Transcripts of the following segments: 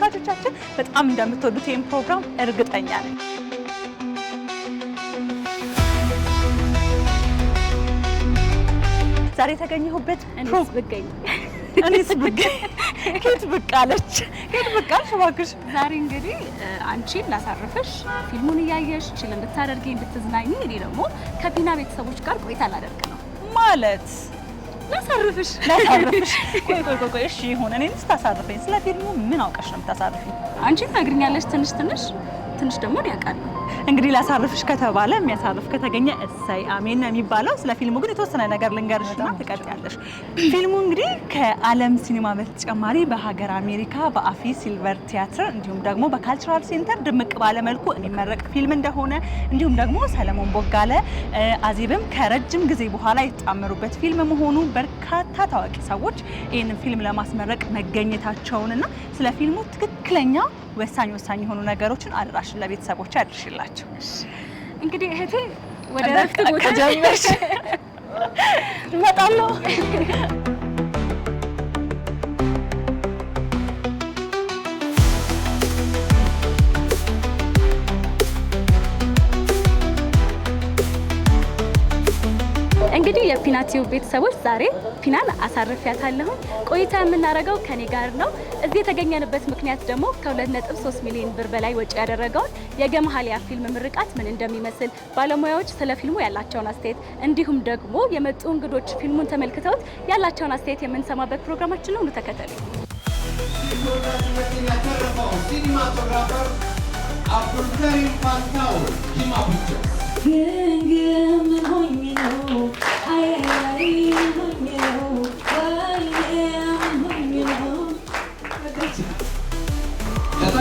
ተመልካቾቻችን በጣም እንደምትወዱት ይህን ፕሮግራም እርግጠኛ ነኝ። ዛሬ የተገኘሁበት ብገኝ እኔስ ብገኝ ኬት ብቅ አለች ኬት ብቅ አለች። እባክሽ ዛሬ እንግዲህ አንቺን ላሳርፍሽ ፊልሙን እያየሽ ችል እንድታደርጊ እንድትዝናኝ፣ እኔ ደግሞ ከቢና ቤተሰቦች ጋር ቆይታ ላደርግ ነው ማለት ላሳርፍሽ ላሳርፍሽ። ቆይ ቆይ ቆይ፣ እሺ ይሁን። እኔን ስታሳርፈኝ ስለ ፊልሙ ምን አውቀሽ ነው የምታሳርፊኝ? አንቺ ትነግሪኛለሽ ትንሽ ትንሽ ትንሽ ደግሞ ያውቃል። እንግዲህ ላሳርፍሽ ከተባለ የሚያሳርፍ ከተገኘ እሰይ አሜን ነው የሚባለው። ስለ ፊልሙ ግን የተወሰነ ነገር ልንገርሽና ትቀጥያለሽ። ፊልሙ እንግዲህ ከዓለም ሲኒማ በተጨማሪ በሀገር አሜሪካ በአፊ ሲልቨር ቲያትር እንዲሁም ደግሞ በካልቸራል ሴንተር ድምቅ ባለመልኩ የሚመረቅ ፊልም እንደሆነ እንዲሁም ደግሞ ሰለሞን ቦጋለ አዜብም ከረጅም ጊዜ በኋላ የተጣመሩበት ፊልም መሆኑ በርካታ ታዋቂ ሰዎች ይህንን ፊልም ለማስመረቅ መገኘታቸውንና ስለ ፊልሙ ትክክለኛ ወሳኝ ወሳኝ የሆኑ ነገሮችን አድራሽ ለቤተሰቦች አድርሽላቸው። እንግዲህ እህቴ ወደ ረፍት ቦታ ጀመርሽ። እመጣለሁ ፊናቲው ቤተሰቦች ዛሬ ፒናን አሳርፊያታለሁ። ቆይታ የምናደርገው ከኔ ጋር ነው። እዚህ የተገኘንበት ምክንያት ደግሞ ከ2.3 ሚሊዮን ብር በላይ ወጪ ያደረገውን የገመሃሊያ ፊልም ምርቃት ምን እንደሚመስል ባለሙያዎች ስለ ፊልሙ ያላቸውን አስተያየት፣ እንዲሁም ደግሞ የመጡ እንግዶች ፊልሙን ተመልክተውት ያላቸውን አስተያየት የምንሰማበት ፕሮግራማችን ነው። ተከተሉ። ሲኒማቶግራፈር አብዱልከሪም ፋንታው ሂማ ፒክቸርስ ቀጣይ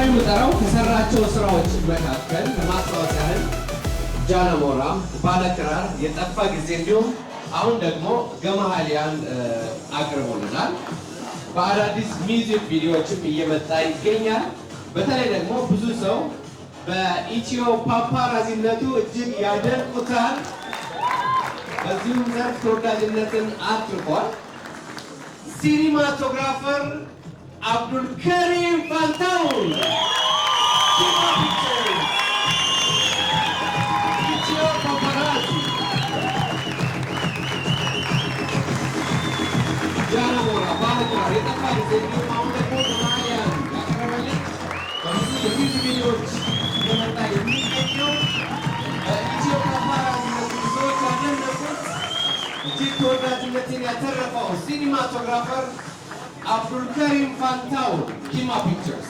የምጠራው ከሰራቸው ስራዎች መካከል ለማስታወስ ያህል ጃነሞራ፣ ባለክራር፣ የጠፋ ጊዜ እንዲሁም አሁን ደግሞ ገመሃሊያን አቅርቦልናል። በአዳዲስ ሚውዚክ ቪዲዮዎችም እየመጣ ይገኛል። በተለይ ደግሞ ብዙ ሰው በኢትዮ ፓፓራዚነቱ እጅግ ያደንቁታል። በዚሁም ዘርፍ ተወዳጅነትን አትርፏል። ሲኒማቶግራፈር አብዱልከሪም ፋንታውን እጅግ ተወዳጅነትን ያተረፈው ሲኒማቶግራፈር አብዱልከሪም ፋንታው ጂማ ፒክቸርስ።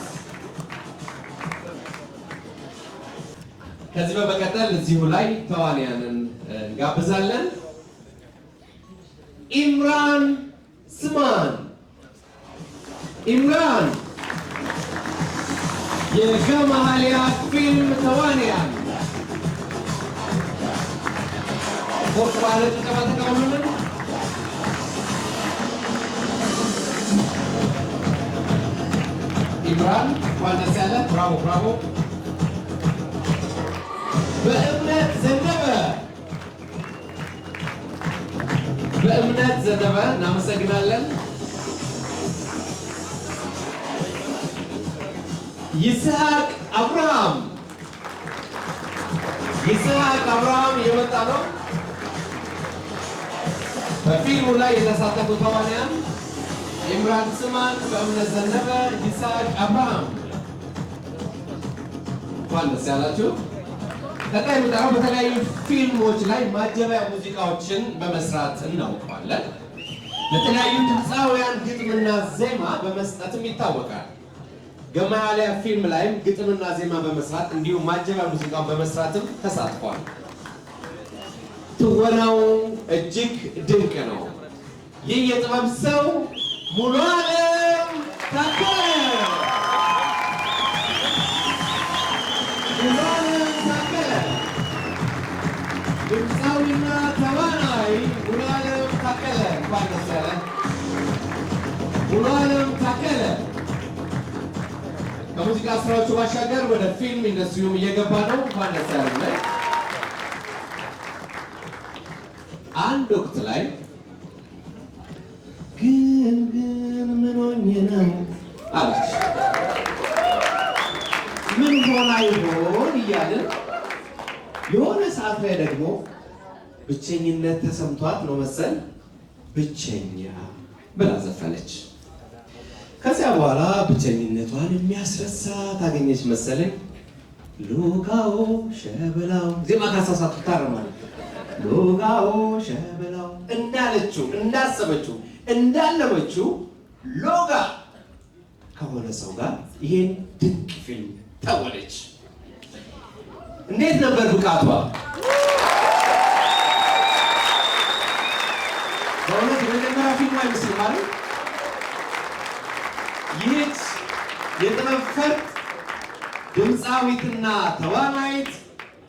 ከዚህ በመቀጠል እዚሁ ላይ ተዋንያንን እንጋብዛለን። ኢምራን ስማን ኢምራን የገማሃሊያ ፊልም ተዋንያን ወርቅ ባለ ጭብጨባ ተቃውሞልን ኢምራን እንኳን ደስ ያለ ብራቮ ብራቮ። በእምነት ዘነበ በእምነት ዘነበ እናመሰግናለን። ይስሐቅ አብርሃም ይስሐቅ አብርሃም የመጣ ነው። በፊልሙ ላይ የተሳተፉ ተዋንያን ኢምራን ስማን፣ በእምነት ዘነበ፣ ይስሐቅ አብርሃም እንኳን ደስ ያላችሁ። ቀጣይ የምንጠራው በተለያዩ ፊልሞች ላይ ማጀቢያ ሙዚቃዎችን በመስራት እናውቀዋለን። ለተለያዩ ድምፃውያን ግጥምና ዜማ በመስጠትም ይታወቃል። ገማያልያ ፊልም ላይም ግጥምና ዜማ በመስራት እንዲሁም ማጀቢያ ሙዚቃ በመስራትም ተሳትፏል። ትወናው እጅግ ድንቅ ነው። ይህ የጥበብ ሰው ሙሉ ታከለ ድምፃዊና ተዋናይ ታከለ ባነሰረ ታከለ ከሙዚቃ ስራዎቹ ባሻገር ወደ ፊልም ኢንዱስትሪውም እየገባ ነው ያለ አንድ ወቅት ላይ ግን ግን ምን ሆኜ ነው አለች። ምን ሆና ይሆን እያልን የሆነ ሰዓት ላይ ደግሞ ብቸኝነት ተሰምቷት ነው መሰል ብቸኛ ብላ ዘፈነች። ከዚያ በኋላ ብቸኝነቷን የሚያስረሳ ታገኘች መሰለኝ። ሉካው ሸበላው ዜማ ካሳሳቱታ ነው ሎጋው ሸበላው እንዳለችው እንዳሰበችው እንዳለመችው ሎጋ ከሆነ ሰው ጋር ይሄን ድንቅ ፊልም ተወነች። እንዴት ነበር ብቃቷ? በእውነት የመጀመሪያ ፊልም አይመስል ማለት ይህች የጥበብ ፈርጥ ድምፃዊትና ተዋናይት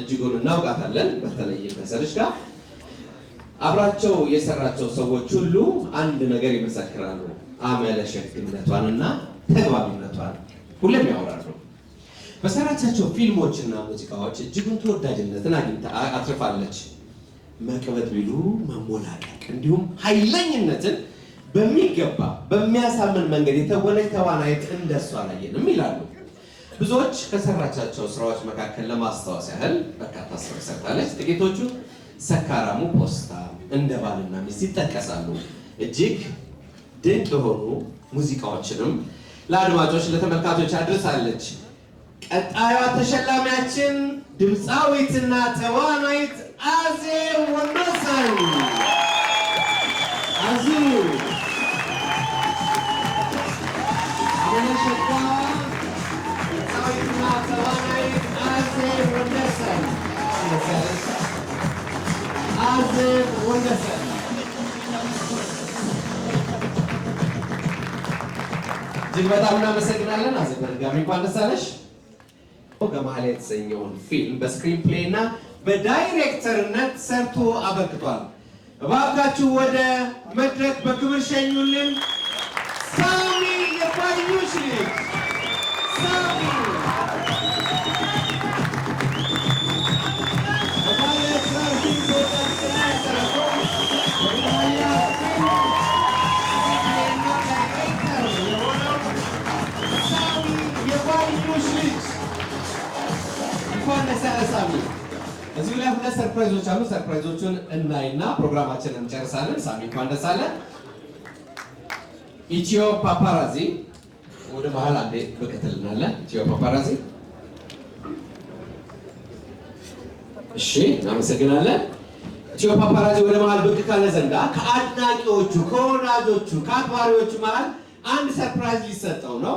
እጅጉን እናውቃታለን። በተለይ ከሰልሽ ጋር አብራቸው የሰራቸው ሰዎች ሁሉ አንድ ነገር ይመሰክራሉ። አመለሸግነቷንና ተግባቢነቷን ሁሌም ያወራሉ። በሰራቻቸው ፊልሞች እና ሙዚቃዎች እጅጉን ተወዳጅነትን አግኝታ አትርፋለች። መቅበጥ ቢሉ መሞላለቅ፣ እንዲሁም ኃይለኝነትን በሚገባ በሚያሳምን መንገድ የተወነች ተዋናይት እንደሷ አላየንም ይላሉ። ብዙዎች ከሰራቻቸው ስራዎች መካከል ለማስታወስ ያህል በርካታ ስራዎች ሰርታለች። ጥቂቶቹ ሰካራሙ ፖስታ፣ እንደ ባልና ሚስት ይጠቀሳሉ። እጅግ ድንቅ የሆኑ ሙዚቃዎችንም ለአድማጮች ለተመልካቾች አድርሳለች። ቀጣዩ ተሸላሚያችን ድምፃዊትና ተዋናይት አዜብ ወንበሰን በጣም እናመሰግናለን። አዘጋጋሚ እንኳን ደስ አለሽ። ገማህላ የተሰኘውን ፊልም በስክሪን ፕሌይ እና በዳይሬክተርነት ሰርቶ አበርክቷል። እባካችሁ ወደ መድረክ በክብር ሸኙልን። ሳሚ የባዩሽ ልጅ ሳሚ ሁለት ሰርፕራይዞች አሉ። ሰርፕራይዞቹን እናይና ፕሮግራማችንን እንጨርሳለን። ሳሚ እንኳን ደስ አለን። ኢትዮ ፓፓራዚ ወደ መሀል አንዴ ብቅ ኢትዮ ፓፓራዚ እሺ፣ እናመሰግናለን። ኢትዮ ፓፓራዚ ወደ መሀል ብቅ ካለ ዘንዳ ከአድናቂዎቹ ከወዳጆቹ ከአክባሪዎቹ መሀል አንድ ሰርፕራይዝ ሊሰጠው ነው።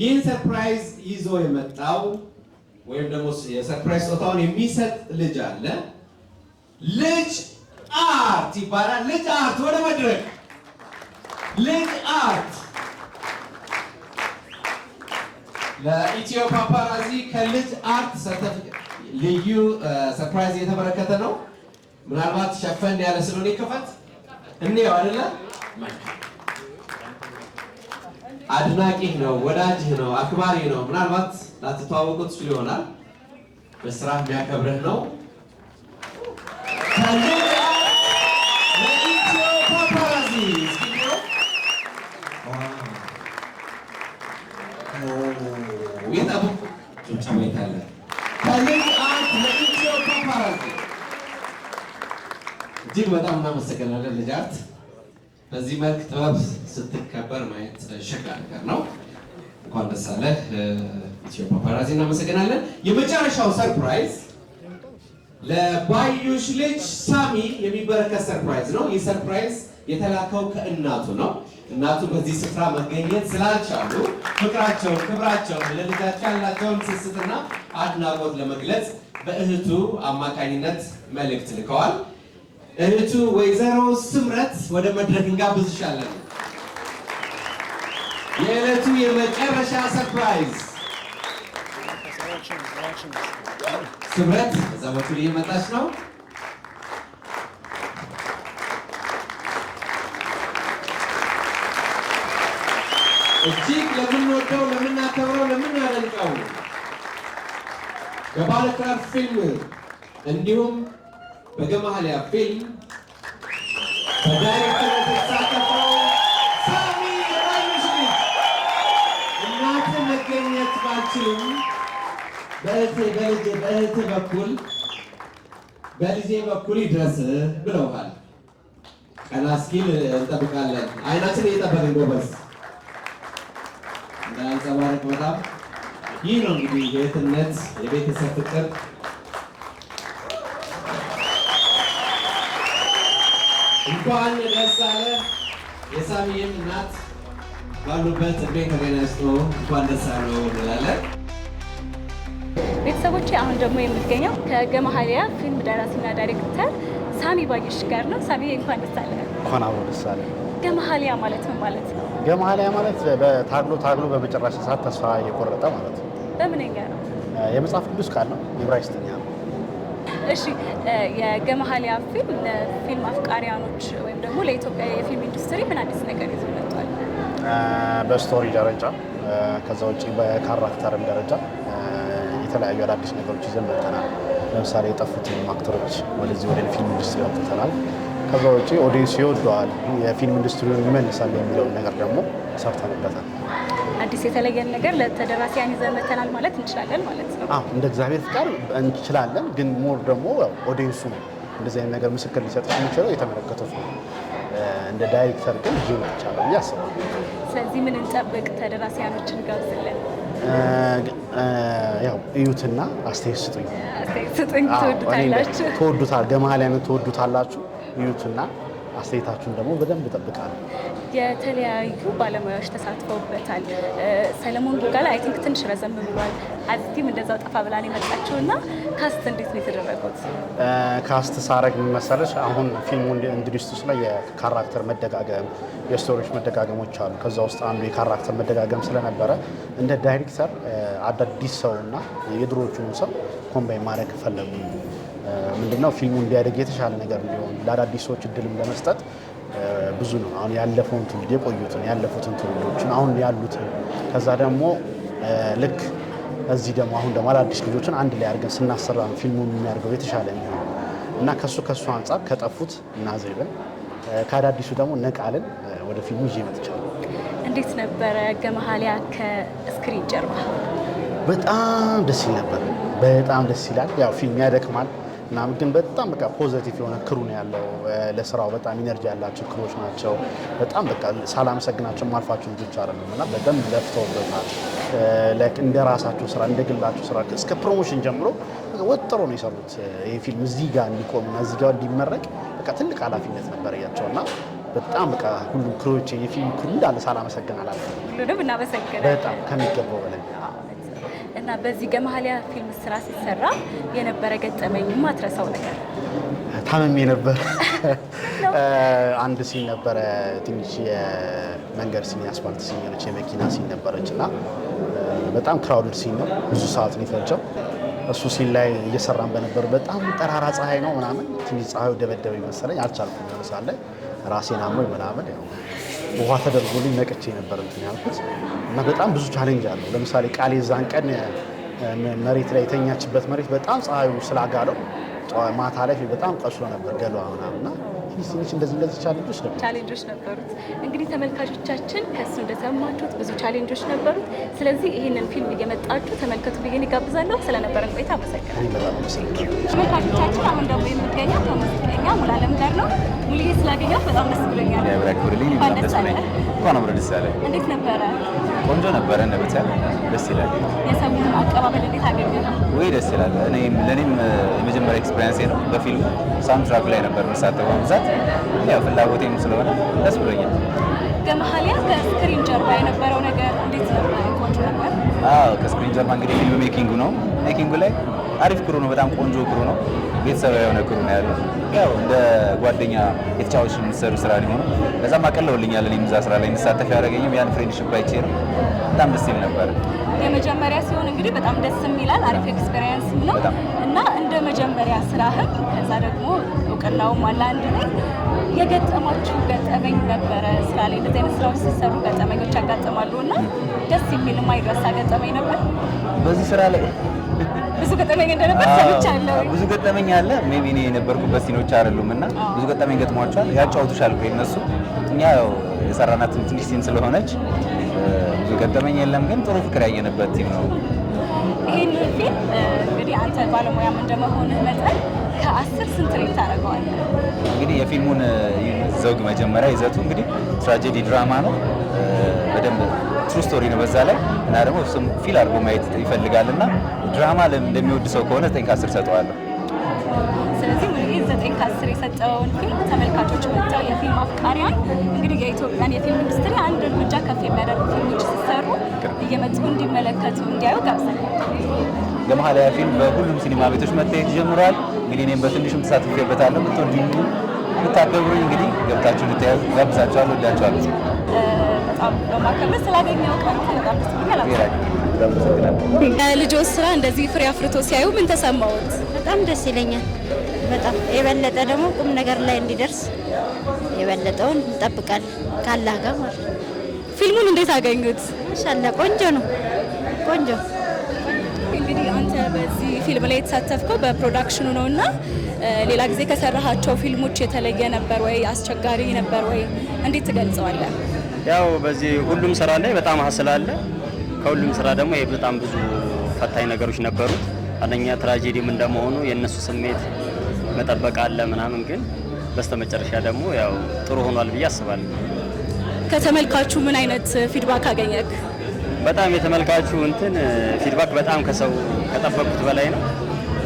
ይህን ሰርፕራይዝ ይዞ የመጣው ወይም ደግሞ የሰርፕራይዝ ስጦታውን የሚሰጥ ልጅ አለ። ልጅ አርት ይባላል። ልጅ አርት ወደ መድረክ ልጅ አርት ለኢትዮ ፓፓራዚ ከልጅ አርት ልዩ ሰርፕራይዝ እየተበረከተ ነው። ምናልባት ሸፈን ያለ ስለሆነ ይከፈት እንየው አይደለ? አድናቂህ ነው፣ ወዳጅህ ነው፣ አክባሪ ነው። ምናልባት ላትተዋወቁት ትችሉ ይሆናል። በስራ የሚያከብርህ ነው። እጅግ በጣም እናመሰግናለን ልጃት። በዚህ መልክ ጥበብ ስትከበር ማየት ሸጋ ነገር ነው። እንኳን ደስ አለህ ኢትዮ ፓፓራዚ፣ እናመሰግናለን። የመጨረሻው ሰርፕራይዝ ለባዩሽ ልጅ ሳሚ የሚበረከት ሰርፕራይዝ ነው። ይህ ሰርፕራይዝ የተላከው ከእናቱ ነው። እናቱ በዚህ ስፍራ መገኘት ስላልቻሉ ፍቅራቸውን፣ ክብራቸውን ለልጃቸው ያላቸውን ስስትና አድናቆት ለመግለጽ በእህቱ አማካኝነት መልእክት ልከዋል። እህቱ ወይዘሮ ስምረት ወደ መድረክ እንጋብዝሻለን። የዕለቱ የመጨረሻ ሰርፕራይዝ ስምረት እዛ በኩል እየመጣች ነው። እጅግ ለምንወደው ለምናከብረው፣ ለምናደንቀው በባለክራር ፊልም እንዲሁም በገማህሊያ ፊልም በዳይሬክተር ሁላችንም በእህቴ በልጄ በእህቴ በኩል በልጄ በኩል ይድረስ ብለውሃል። ቀና እስኪል እንጠብቃለን። አይናችን እየጠበቅን ጎበዝ እንዳንጸባረቅ በጣም ይህ ነው እንግዲህ የእህትነት የቤተሰብ ፍቅር። እንኳን ደስ አለ የሳሚዬም እናት ባሉበት እድሜ ተገናጅቶ እንኳን ደስ አለው እንላለን። ቤተሰቦቼ አሁን ደግሞ የምትገኘው ከገመሀልያ ፊልም ደራሲና ዳይሬክተር ሳሚ ባየሽ ጋር ነው። ሳሚ እንኳን ደስ አለ። እንኳን አብሮ ደስ አለ። ገመሀልያ ማለት ምን ማለት ነው? ገመሀልያ ማለት በታግሎ ታግሎ በመጨረሻ ሰዓት ተስፋ እየቆረጠ ማለት ነው። በምንኛ ነው? የመጽሐፍ ቅዱስ ቃል ነው፣ የዕብራይስጥኛ ነው። እሺ፣ የገመሀልያ ፊልም ለፊልም አፍቃሪያኖች ወይም ደግሞ ለኢትዮጵያ የፊልም ኢንዱስትሪ ምን አዲስ ነገር ይዞ በስቶሪ ደረጃ ከዛ ውጭ በካራክተርም ደረጃ የተለያዩ አዳዲስ ነገሮች ይዘን መጥተናል። ለምሳሌ የጠፉትን አክተሮች ወደዚህ ወደ ፊልም ኢንዱስትሪ አውጥተናል። ከዛ ውጭ ኦዲንስ ይወደዋል፣ የፊልም ኢንዱስትሪውን ይመልሳል የሚለውን ነገር ደግሞ ሰርተንበታል። አዲስ የተለየን ነገር ለተደራሲያን ይዘን መጥተናል ማለት እንችላለን ማለት ነው። እንደ እግዚአብሔር ፍቃድ እንችላለን፣ ግን ሞር ደግሞ ኦዲንሱ ነው እንደዚህ አይነት ነገር ምስክር ሊሰጥ የሚችለው የተመለከቱት ነው። እንደ ዳይሬክተር ግን ብዙ ናቻለ ብዬ አስባለሁ። ስለዚህ ምን እንጠብቅ? ተደራሲያኖችን ጋብዝልን። ያው እዩትና አስተያየት ስጡኝ። ስጡኝ። ትወዱታላችሁ፣ ገመሃል ያንን ትወዱታላችሁ። እዩትና አስተያየታችሁን ደግሞ በደንብ እጠብቃለሁ። የተለያዩ ባለሙያዎች ተሳትፈውበታል። ሰለሞን ቦጋለ አይ ቲንክ ትንሽ ረዘም ብሏል። አዚቲም እንደዛው ጠፋ ብላን የመጣችው እና ካስት እንዴት ነው የተደረጉት? ካስት ሳረግ መሰለች አሁን ፊልሙ ኢንዱስትሪ ላይ የካራክተር መደጋገም የስቶሪዎች መደጋገሞች አሉ። ከዛ ውስጥ አንዱ የካራክተር መደጋገም ስለነበረ እንደ ዳይሬክተር አዳዲስ ሰው እና የድሮቹን ሰው ኮምባይ ማድረግ ፈለጉ። ምንድነው ፊልሙ እንዲያደግ የተሻለ ነገር እንዲሆን ለአዳዲስ ሰዎች እድልም ለመስጠት ብዙ ነው። አሁን ያለፈውን ትውልድ የቆዩትን ያለፉትን ትውልዶችን አሁን ያሉትን ከዛ ደግሞ ልክ እዚህ ደግሞ አሁን ደግሞ አዳዲስ ልጆችን አንድ ላይ አድርገን ስናሰራ ነው ፊልሙ የሚያደርገው የተሻለ የሚሆን እና ከሱ ከሱ አንጻር ከጠፉት እና ከአዳዲሱ ደግሞ ነቃልን ወደ ፊልሙ ይዤ መጥቻለሁ። እንዴት ነበረ ገመሃሊያ ከስክሪን ጀርባ? በጣም ደስ ይል ነበር። በጣም ደስ ይላል። ያው ፊልም ያደክማል ምናምን ግን በጣም በቃ ፖዘቲቭ የሆነ ክሩ ነው ያለው። ለስራው በጣም ኢነርጂ ያላቸው ክሮች ናቸው። በጣም በቃ ሳላመሰግናቸው ማልፋቸው ልጆች አይደለም እና በደንብ ለፍተውበታል። እንደ ራሳቸው ስራ እንደ ግላቸው ስራ እስከ ፕሮሞሽን ጀምሮ ወጥሮ ነው የሰሩት። ይህ ፊልም እዚህ ጋር እንዲቆም እና እዚህ ጋር እንዲመረቅ በቃ ትልቅ ኃላፊነት ነበር እያቸው እና በጣም በቃ ሁሉም ክሮች የፊልም ክሩ እንዳለ ሳላመሰግን አላልኩም። ሁሉንም እናመሰግናለን በጣም ከሚገባው በላይ እና በዚህ ገማህሊያ ፊልም ስራ ሲሰራ የነበረ ገጠመኝ ማትረሳው ነገር? ታመሜ ነበር። አንድ ሲን ነበረ፣ ትንሽ የመንገድ ሲን፣ የአስፋልት ሲን ነች፣ የመኪና ሲን ነበረች እና በጣም ክራውድድ ሲን ነው። ብዙ ሰዓት ነው የፈጀው። እሱ ሲን ላይ እየሰራን በነበር በጣም ጠራራ ፀሐይ ነው ምናምን፣ ትንሽ ፀሐዩ ደበደበኝ መሰለኝ፣ አልቻልኩም። ለምሳሌ ራሴን አሞኝ ምናምን ያው ውሃ ተደርጎልኝ ነቅቼ ነበር እንትን ያልኩት እና በጣም ብዙ ቻሌንጅ አለው። ለምሳሌ ቃል የዛን ቀን መሬት ላይ የተኛችበት መሬት በጣም ፀሐዩ ስላጋለው ማታ ላይ በጣም ቀስሎ ነበር ገሏ ምናምን እና ትንሽ እንደዚህ እንደዚህ ቻሌንጆች ነበሩ ቻሌንጆች ነበሩት። እንግዲህ ተመልካቾቻችን ከሱ እንደሰማችሁት ብዙ ቻሌንጆች ነበሩት። ስለዚህ ይህንን ፊልም እየመጣችሁ ተመልከቱ ብዬን ይጋብዛለሁ። ስለነበረን ቆይታ አመሰግናለሁ። ተመልካቾቻችን አሁን ደግሞ የምገኘው ከሙዚቀኛ ሙሉዓለም ጋር ነው። ሙሉዬ ስላገኘሁት በጣም ደስ ብሎኛል። ያብራክብርልኝ ደስ ብሎኝ እንኳን አብረን ደስ ያለ። እንዴት ነበረ? ቆንጆ ነበረ። ነበት ያለ ደስ ይላል። የሰውን አቀባበል እንዴት አገኘነው? ወይ ደስ ይላል። እኔም ለእኔም የመጀመሪያ ኤክስፔሪንስ ነው። በፊልሙ ሳውንድ ላይ ነበር መሳተፈው ብዛት ያው ፍላጎቴም ስለሆነ ደስ ብሎኛል። ገመሀሊያ ከስክሪን ጀርባ የነበረው ነገር እንዴት ነበር? ቆንጆ ነበር። ከስክሪን ጀርባ እንግዲህ ፊልም ሜኪንጉ ነው። ሜኪንጉ ላይ አሪፍ ክሩ ነው። በጣም ቆንጆ ክሩ ነው። ቤተሰብ የሆነ ክሩ ነው ያለው። ያው እንደ ጓደኛ የተጫዋች የምትሰሩ ስራ ሊሆኑ በዛም አቀለውልኛል። እኔም እዛ ስራ ላይ እንሳተፍ ያደረገኝም ያን ፍሬንድሽፕ አይቼ ነው። በጣም ደስ ይል ነበር። የመጀመሪያ ሲሆን እንግዲህ በጣም ደስ የሚላል አሪፍ ኤክስፔሪየንስ ነው እና እንደ መጀመሪያ ስራህም ከዛ ደግሞ እውቅናውም አለ አንድ ላይ የገጠማችሁ ገጠመኝ ነበረ ስራ ላይ እንደዚህ አይነት ስራዎች ሲሰሩ ገጠመኞች ያጋጥማሉ እና ደስ የሚል ማይረሳ ገጠመኝ ነበር በዚህ ስራ ላይ ብዙ ገጠመኝ እንደነበር ብዙ ገጠመኝ አለ። ሜቢ እኔ የነበርኩበት ሲኖች አይደሉም እና ብዙ ገጠመኝ ገጥሟቸዋል። ያጫውቱሻል እኮ እነሱ። እኛ ያው የሰራናት ትንሽ ሲን ስለሆነች ብዙ ገጠመኝ የለም፣ ግን ጥሩ ፍቅር ያየንበት ቲም ነው። ይህን ፊልም እንግዲህ አንተ ባለሙያም እንደመሆንህ መጠን ከአስር ስንት ሬት ታደርገዋለህ? እንግዲህ የፊልሙን ዘውግ መጀመሪያ ይዘቱ እንግዲህ ትራጀዲ ድራማ ነው። በደንብ ትሩ ስቶሪ ነው በዛ ላይ እና ደግሞ እሱም ፊል አድርጎ ማየት ይፈልጋል እና ድራማ እንደሚወድ ሰው ከሆነ ዘጠኝ ከአስር ሰጠዋለሁ። ስለዚህ ዘጠኝ ከአስር የሰጠውን ፊልም ተመልካቾች መጥተው የፊልም አፍቃሪያን እንግዲህ የኢትዮጵያን የፊልም ኢንዱስትሪ አንድ እርምጃ ከፍ የሚያደርጉ ፊልሞች ሲሰሩ እየመጡ እንዲመለከቱ እንዲያዩ ጋብዛል። የመሀልያ ፊልም በሁሉም ሲኒማ ቤቶች መታየት ጀምሯል። እንግዲህ እኔም በትንሹም ተሳትፌበታለሁ። የምትወዱኝ የምታከብሩኝ እንግዲህ ገብታችሁ ልታዩ ጋብዛችኋለሁ። ወዳችኋለሁ። ልጆች ስራ እንደዚህ ፍሬ አፍርቶ ሲያዩ ምን ተሰማዎት? በጣም ደስ ይለኛል። በጣም የበለጠ ደግሞ ቁም ነገር ላይ እንዲደርስ የበለጠውን እንጠብቃል ካላህ ጋር ማለት። ፊልሙን እንዴት አገኙት? ማሻአላህ ቆንጆ ነው፣ ቆንጆ በዚህ ፊልም ላይ የተሳተፍከው በፕሮዳክሽኑ ነው እና ሌላ ጊዜ ከሰራሃቸው ፊልሞች የተለየ ነበር ወይ? አስቸጋሪ ነበር ወይ? እንዴት ትገልጸዋለህ? ያው በዚህ ሁሉም ስራ ላይ በጣም ሀስል አለ። ከሁሉም ስራ ደግሞ ይሄ በጣም ብዙ ፈታኝ ነገሮች ነበሩት። አንደኛ ትራጀዲም እንደመሆኑ የእነሱ ስሜት መጠበቅ አለ ምናምን፣ ግን በስተመጨረሻ ደግሞ ያው ጥሩ ሆኗል ብዬ አስባለሁ። ከተመልካቹ ምን አይነት ፊድባክ አገኘክ? በጣም የተመልካቹ እንትን ፊድባክ በጣም ከሰው ከጠበቁት በላይ ነው።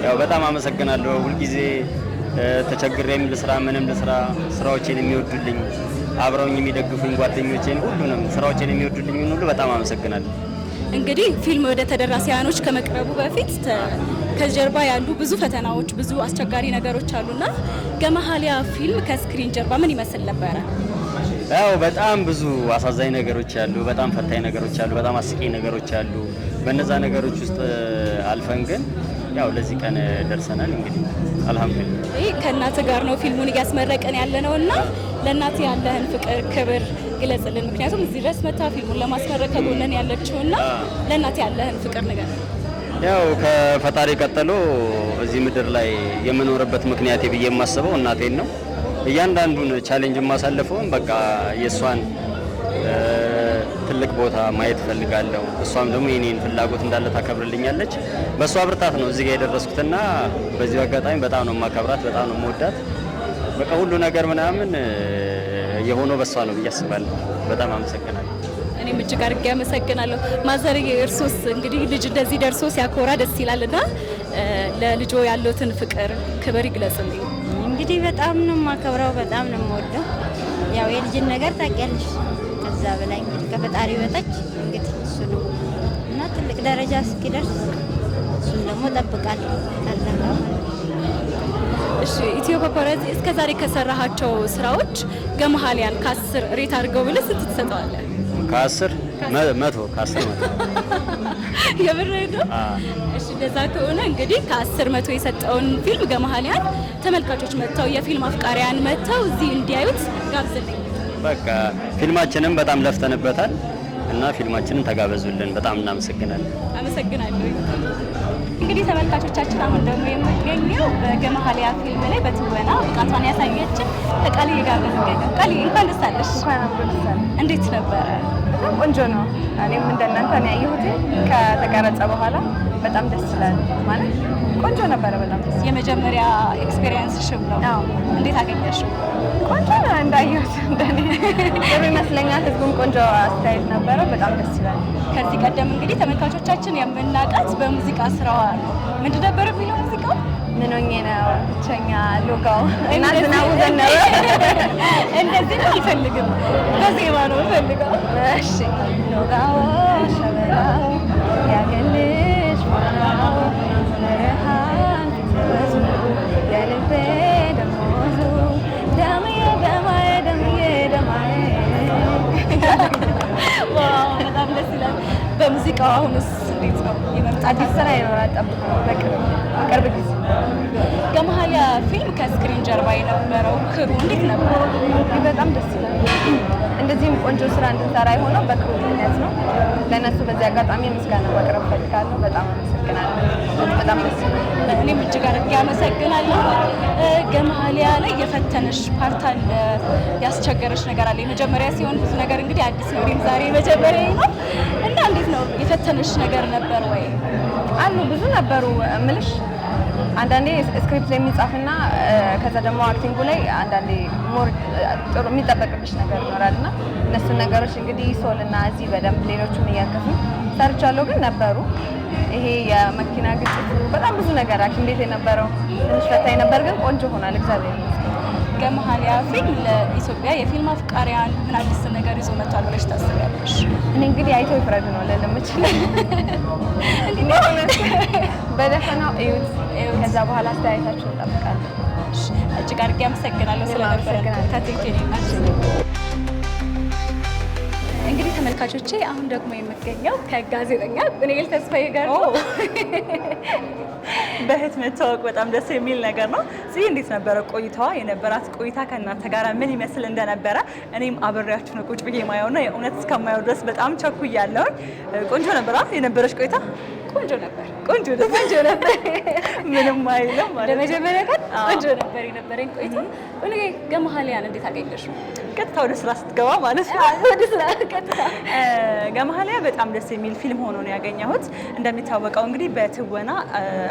ያው በጣም አመሰግናለሁ። ሁልጊዜ ተቸግሬም ልስራ ምንም ልስራ ስራዎቼን የሚወዱልኝ አብረውኝ የሚደግፉኝ ጓደኞቼን ሁሉንም ስራዎቼን የሚወዱልኝ ሁሉ በጣም አመሰግናለሁ። እንግዲህ ፊልም ወደ ተደራሲያኖች ከመቅረቡ በፊት ከጀርባ ያሉ ብዙ ፈተናዎች፣ ብዙ አስቸጋሪ ነገሮች አሉና ገመሀሊያ ፊልም ከስክሪን ጀርባ ምን ይመስል ነበረ? ያው በጣም ብዙ አሳዛኝ ነገሮች አሉ፣ በጣም ፈታኝ ነገሮች አሉ፣ በጣም አስቂኝ ነገሮች አሉ። በነዛ ነገሮች ውስጥ አልፈን ግን ያው ለዚህ ቀን ደርሰናል። እንግዲህ አልሐምዱሊላህ። ይህ ከእናት ጋር ነው ፊልሙን እያስመረቀን ያለ ነው እና ለእናት ያለህን ፍቅር፣ ክብር ግለጽልን። ምክንያቱም እዚህ ድረስ መታ ፊልሙን ለማስመረቅ ከጎነን ያለችው እና ለእናት ያለህን ፍቅር ንገር። ያው ከፈጣሪ ቀጥሎ እዚህ ምድር ላይ የምኖርበት ምክንያት ብዬ የማስበው እናቴን ነው እያንዳንዱን ቻሌንጅ የማሳለፈውን በቃ የእሷን ትልቅ ቦታ ማየት እፈልጋለሁ። እሷም ደግሞ የኔን ፍላጎት እንዳለ ታከብርልኛለች። በእሷ ብርታት ነው እዚህ ጋር የደረስኩትና በዚሁ አጋጣሚ በጣም ነው የማከብራት፣ በጣም ነው የምወዳት። በቃ ሁሉ ነገር ምናምን የሆነው በእሷ ነው ብዬ አስባለሁ። በጣም አመሰግናለሁ። እኔም እጅግ አድርጌ አመሰግናለሁ። ማዘር እርሶስ እንግዲህ ልጅ እንደዚህ ደርሶ ሲያኮራ ደስ ይላልና ለልጆ ያለትን ፍቅር ክብር ይግለጽልኝ። እንግዲህ በጣም ነው የማከብረው፣ በጣም ነው የምወደው። ያው የልጅን ነገር ታውቂያለሽ። ከዛ በላይ እንግዲህ ከፈጣሪ በታች እንግዲህ እሱ ነው እና ትልቅ ደረጃ እስኪደርስ እሱን ደግሞ እጠብቃለሁ። እሺ ኢትዮ ፓፓራዚ እስከዛሬ ከሰራሃቸው ስራዎች ገመሃሊያን ከአስር ሬት አድርገው ብለህ ስንት ትሰጠዋለህ? ከአስር መቶ ከአስር መቶ የምር ነው። እሺ እንደዛ ከሆነ እንግዲህ ከአስር መቶ የሰጠውን ፊልም ገመሀልያን ተመልካቾች መጥተው የፊልም አፍቃሪያን መጥተው እዚህ እንዲያዩት ጋብዝልኝ። በቃ ፊልማችንም በጣም ለፍተንበታል እና ፊልማችንን ተጋበዙልን። በጣም እናመሰግናለን። አመሰግናለሁ። እንግዲህ ተመልካቾቻችን አሁን ደግሞ የምገኘው በገመሀሊያ ፊልም ላይ በትወና ብቃቷን ያሳየችን ከቃልዬ ጋር ነው የምገኘው። ቃልዬ እንኳን ደስ አለሽ። እንዴት ነበረ? ቆንጆ ነው። እኔም እንደናንተ ያየሁት ከተቀረጸ በኋላ በጣም ደስ ይላል ማለት ቆንጆ ነበረ። በጣም የመጀመሪያ ኤክስፔሪየንስ ሽም ነው። እንዴት አገኘሽው? ቆንጆ ነው እንዳየሁት እንደኔ ጥሩ ይመስለኛል። ህዝቡም ቆንጆ አስተያየት ነበረ። በጣም ደስ ይላል። ከዚህ ቀደም እንግዲህ ተመልካቾቻችን የምናውቃት በሙዚቃ ስራዋ ምንድን ነበር የሚለው ሙዚቃው ምንኝ ነው ብቸኛ ሎጋው እና ዝናቡ ዘነበ። እንደዚህ ነው አልፈልግም፣ በዜማ ነው ፈልገው። እሺ ሎጋው ሸበላው ያገልል በሙዚቃው አሁንስ እንዴት ነው? አዲስ ስራ ይኖራል ጠብቁ በቅርብ ጊዜ ገመሀል ፊልም ከስክሪን ጀርባ የነበረው ክሩ እንዴት ነበር? በጣም ደስ ይላል። እንደዚህም ቆንጆ ስራ እንድንሰራ የሆነው በክሩ ምክንያት ነው። ለእነሱ በዚህ አጋጣሚ ምስጋና ማቅረብ ፈልጋለሁ። በጣም አመሰግናለሁ። በጣም ደስ ይላል። እኔም እጅግ አድርጌ አመሰግናለሁ። ገመሀልያ ላይ የፈተነሽ ፓርት አለ፣ ያስቸገረሽ ነገር አለ? የመጀመሪያ ሲሆን ብዙ ነገር እንግዲህ አዲስ ነው። እኔም ዛሬ የመጀመሪያ ነው እና እንዴት ነው የፈተነሽ ነገር ነበር ወይ? አሉ ብዙ ነበሩ ምልሽ አንዳንዴ ስክሪፕት ላይ የሚጻፍና ከዛ ደግሞ አክቲንጉ ላይ አንዳንዴ ሞር ጥሩ የሚጠበቅብሽ ነገር ይኖራል እና እነሱን ነገሮች እንግዲህ ሶል እና እዚህ በደንብ ሌሎቹን እያከፉ ሰርቻለሁ፣ ግን ነበሩ። ይሄ የመኪና ግጭት በጣም ብዙ ነገር ሐኪም ቤት የነበረው ትንሽ ፈታኝ ነበር፣ ግን ቆንጆ ሆኗል እግዚአብሔር ገመሀልያ ፊልም ለኢትዮጵያ የፊልም አፍቃሪያን ምን አዲስ ነገር ይዞ መጥቷል ብለሽ ታስቢያለሽ? እኔ እንግዲህ አይቶ ይፍረድ ነው ለለምችል በደፈናው እዩት፣ ከዛ በኋላ አስተያየታችሁን እንጠብቃለን። እጅግ አድርጌ አመሰግናለሁ ስለነበረ ከቴኬኔ ናቸው ተመልካቾቼ አሁን ደግሞ የምትገኘው ከጋዜጠኛ ቁኔል ተስፋዬ ጋር ነው። በህት መታወቅ በጣም ደስ የሚል ነገር ነው። ጽጌ እንዴት ነበረ ቆይታዋ? የነበራት ቆይታ ከእናንተ ጋር ምን ይመስል እንደነበረ እኔም አብሬያችሁ ነው ቁጭ ብዬ ነው የእውነት እስከማየው ድረስ በጣም ቸኩያለሁኝ። ቆንጆ ነበራት የነበረች ቆይታ ቆንጆ ነበር፣ ቆንጆ ነበር። ምንም አይልም ማለት ለመጀመሪያ ቀን ቆንጆ ነበር የነበረኝ ቆይታ። ገመሀልያን እንዴት አገኘሽ? ቀጥታ ወደ ስራ ስትገባ ማለት ነው። ወደ ስራ ቀጥታ። ገመሀልያ በጣም ደስ የሚል ፊልም ሆኖ ነው ያገኘሁት። እንደሚታወቀው እንግዲህ በትወና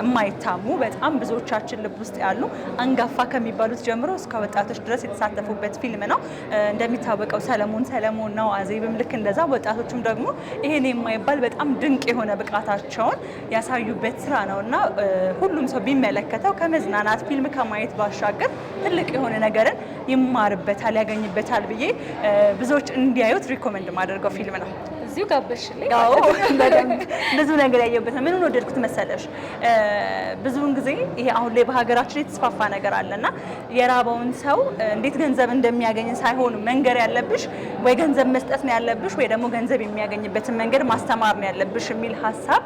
የማይታሙ በጣም ብዙዎቻችን ልብ ውስጥ ያሉ አንጋፋ ከሚባሉት ጀምሮ እስከ ወጣቶች ድረስ የተሳተፉበት ፊልም ነው። እንደሚታወቀው ሰለሞን ሰለሞን ነው፣ አዜብም ልክ እንደዛ፣ ወጣቶቹም ደግሞ ይሄን የማይባል በጣም ድንቅ የሆነ ብቃታቸውን ጭምር ያሳዩበት ስራ ነው እና ሁሉም ሰው ቢመለከተው ከመዝናናት ፊልም ከማየት ባሻገር ትልቅ የሆነ ነገርን ይማርበታል፣ ያገኝበታል ብዬ ብዙዎች እንዲያዩት ሪኮመንድ ማደርገው ፊልም ነው። እዚሁ ጋበሽልኝ። ብዙ ነገር ያየሁበት ነው። ምኑን ወደድኩት መሰለሽ? ብዙውን ጊዜ ይሄ አሁን ላይ በሀገራችን የተስፋፋ ነገር አለና የራበውን ሰው እንዴት ገንዘብ እንደሚያገኝ ሳይሆን መንገር ያለብሽ ወይ ገንዘብ መስጠት ነው ያለብሽ ወይ ደግሞ ገንዘብ የሚያገኝበትን መንገድ ማስተማር ነው ያለብሽ የሚል ሀሳብ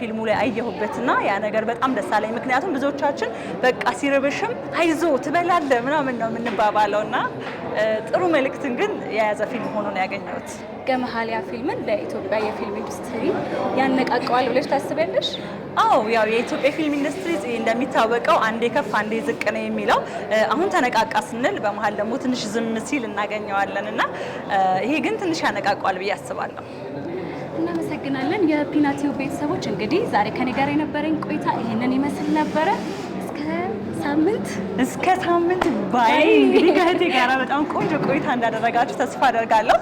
ፊልሙ ላይ አየሁበትና ያ ነገር በጣም ደስ አለኝ። ምክንያቱም ብዙዎቻችን በቃ ሲርብሽም አይዞ ትበላለ ምናምን ነው የምንባባለውና ጥሩ መልእክትን ግን የያዘ ፊልም ሆኖ ነው ያገኘሁት። መሀልያ ፊልምን ለኢትዮጵያ የፊልም ኢንዱስትሪ ያነቃቀዋል ብለሽ ታስቢያለሽ? አዎ ያው የኢትዮጵያ ፊልም ኢንዱስትሪ እንደሚታወቀው አንዴ ከፍ አንዴ ዝቅ ነው የሚለው። አሁን ተነቃቃ ስንል በመሀል ደግሞ ትንሽ ዝም ሲል እናገኘዋለን እና ይሄ ግን ትንሽ ያነቃቀዋል ብዬ አስባለሁ። እናመሰግናለን። የፒናቲው ቤተሰቦች እንግዲህ ዛሬ ከኔ ጋር የነበረኝ ቆይታ ይህንን ይመስል ነበረ። ሳምንት እስከ ሳምንት ባይ። እንግዲህ ከእህቴ ጋራ በጣም ቆንጆ ቆይታ እንዳደረጋችሁ ተስፋ አደርጋለሁ።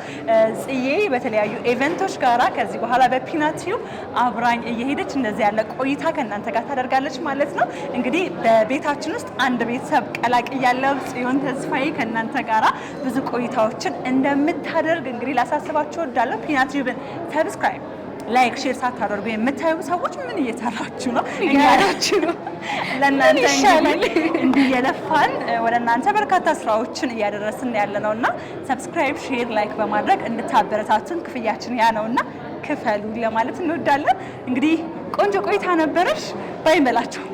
ጽዬ በተለያዩ ኢቨንቶች ጋራ ከዚህ በኋላ በፒናቲዩ አብራኝ እየሄደች እንደዚህ ያለ ቆይታ ከእናንተ ጋር ታደርጋለች ማለት ነው። እንግዲህ በቤታችን ውስጥ አንድ ቤተሰብ ቀላቅያለሁ። ጽዮን ተስፋዬ ከእናንተ ጋራ ብዙ ቆይታዎችን እንደምታደርግ እንግዲህ ላሳስባችሁ እወዳለሁ። ፒናቲዩብን ሰብስክራይብ ላይክ ሼር ሳታደርጉ የምታዩ ሰዎች ምን እየሰራችሁ ነው? እያላችሁ ነው። ለእናንተ እንዲህ የለፋን ወደ እናንተ በርካታ ስራዎችን እያደረስን ያለ ነው እና ሰብስክራይብ፣ ሼር፣ ላይክ በማድረግ እንድታበረታቱን ክፍያችን ያ ነው እና ክፈሉ ለማለት እንወዳለን። እንግዲህ ቆንጆ ቆይታ ነበረሽ። ባይ እንበላቸው።